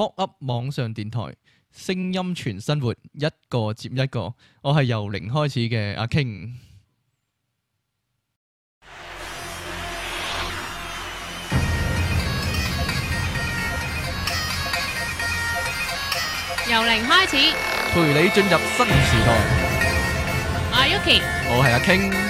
酷 Up 網上電台，聲音全生活，一個接一個。我係由零開始嘅阿 King，由零開始，陪你進入新時代。阿 Yuki，我係阿 King。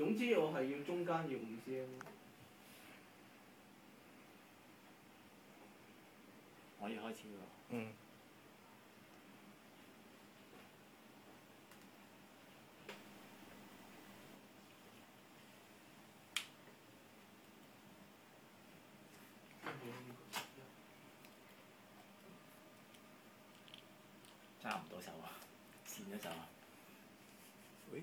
總之我係要中間要五千，可以開始啦。嗯。差唔多手啊！線咗走啊！喂？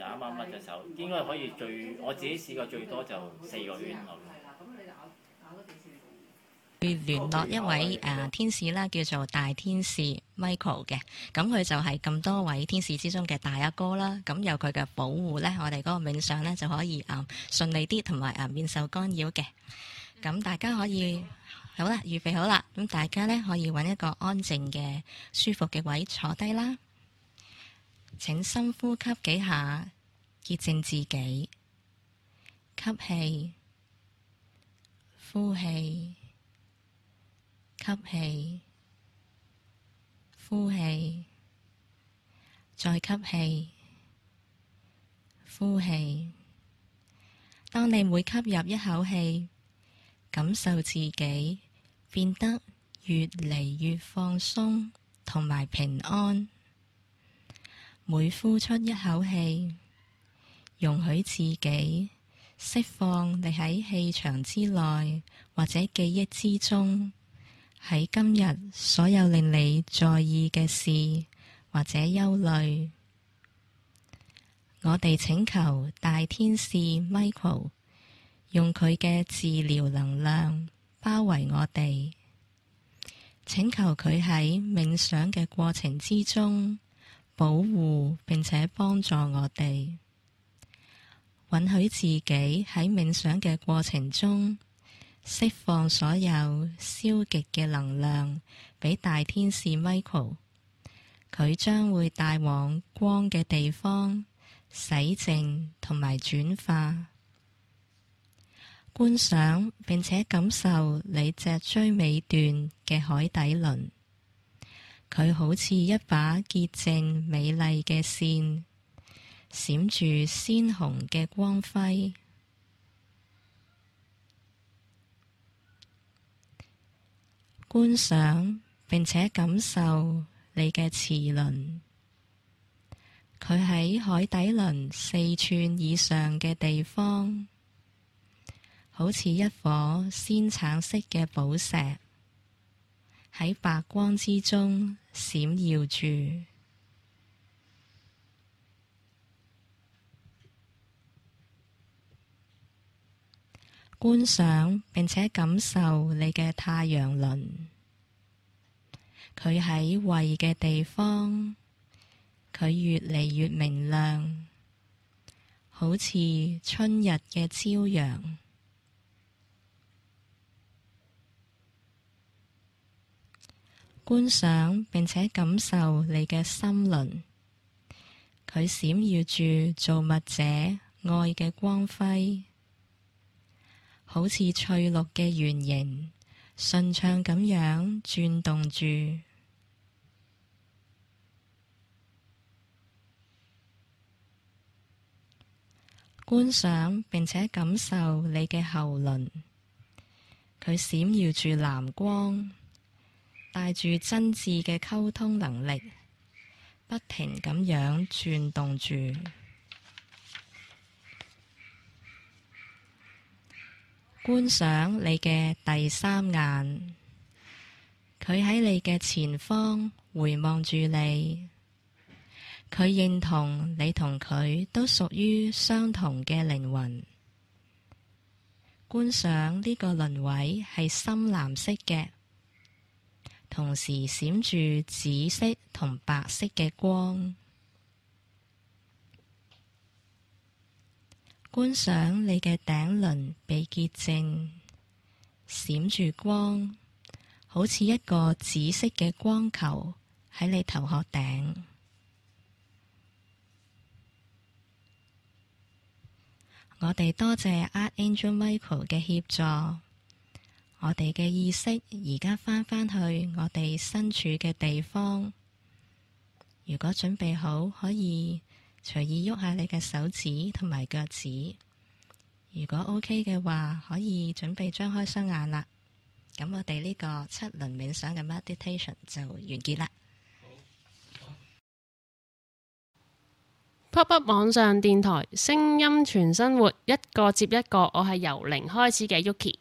啱啱乜嘅手，應該可以最我自己試過最多就四個圈咁。去聯絡一位誒、呃、天使啦，叫做大天使 Michael 嘅，咁佢就係咁多位天使之中嘅大阿哥啦。咁有佢嘅保護咧，我哋嗰個冥想咧就可以誒順利啲，同埋誒免受干擾嘅。咁大家可以 好啦、啊，預備好啦，咁大家咧可以搵一個安靜嘅、舒服嘅位坐低啦。請深呼吸幾下，潔淨自己。吸氣，呼氣，吸氣，呼氣，再吸氣，呼氣。當你每吸入一口氣，感受自己變得越嚟越放鬆同埋平安。每呼出一口氣，容許自己釋放你喺氣場之內或者記憶之中，喺今日所有令你在意嘅事，或者憂慮。我哋請求大天使 Michael，用佢嘅治療能量包圍我哋，請求佢喺冥想嘅過程之中。保護並且幫助我哋，允許自己喺冥想嘅過程中釋放所有消極嘅能量，俾大天使 Michael，佢將會帶往光嘅地方，洗淨同埋轉化。觀賞並且感受你脊椎尾段嘅海底輪。佢好似一把潔淨美麗嘅線，閃住鮮紅嘅光輝。觀賞並且感受你嘅臍輪，佢喺海底輪四吋以上嘅地，地方，好似一顆鮮橙色嘅寶石喺白光之中。閃耀住，觀賞並且感受你嘅太陽輪，佢喺胃嘅地方，佢越嚟越明亮，好似春日嘅朝陽。觀賞並且感受你嘅心輪，佢閃耀住造物者愛嘅光輝，好似翠綠嘅圓形，順暢咁樣轉動住。觀賞並且感受你嘅喉輪，佢閃耀住藍光。帶住真摯嘅溝通能力，不停咁樣轉動住觀想你嘅第三眼。佢喺你嘅前方回望住你，佢認同你同佢都屬於相同嘅靈魂。觀想呢個輪位係深藍色嘅。同時閃住紫色同白色嘅光，觀賞你嘅頂輪被潔淨，閃住光，好似一個紫色嘅光球喺你頭殼頂。我哋多謝 Archangel Michael 嘅協助。我哋嘅意識而家返返去我哋身處嘅地方。如果準備好，可以隨意喐下你嘅手指同埋腳趾。如果 OK 嘅話，可以準備張開雙眼啦。咁我哋呢個七輪冥想嘅 meditation 就完結啦。瀑布 網上電台聲音全生活一個接一個，我係由零開始嘅 Yuki。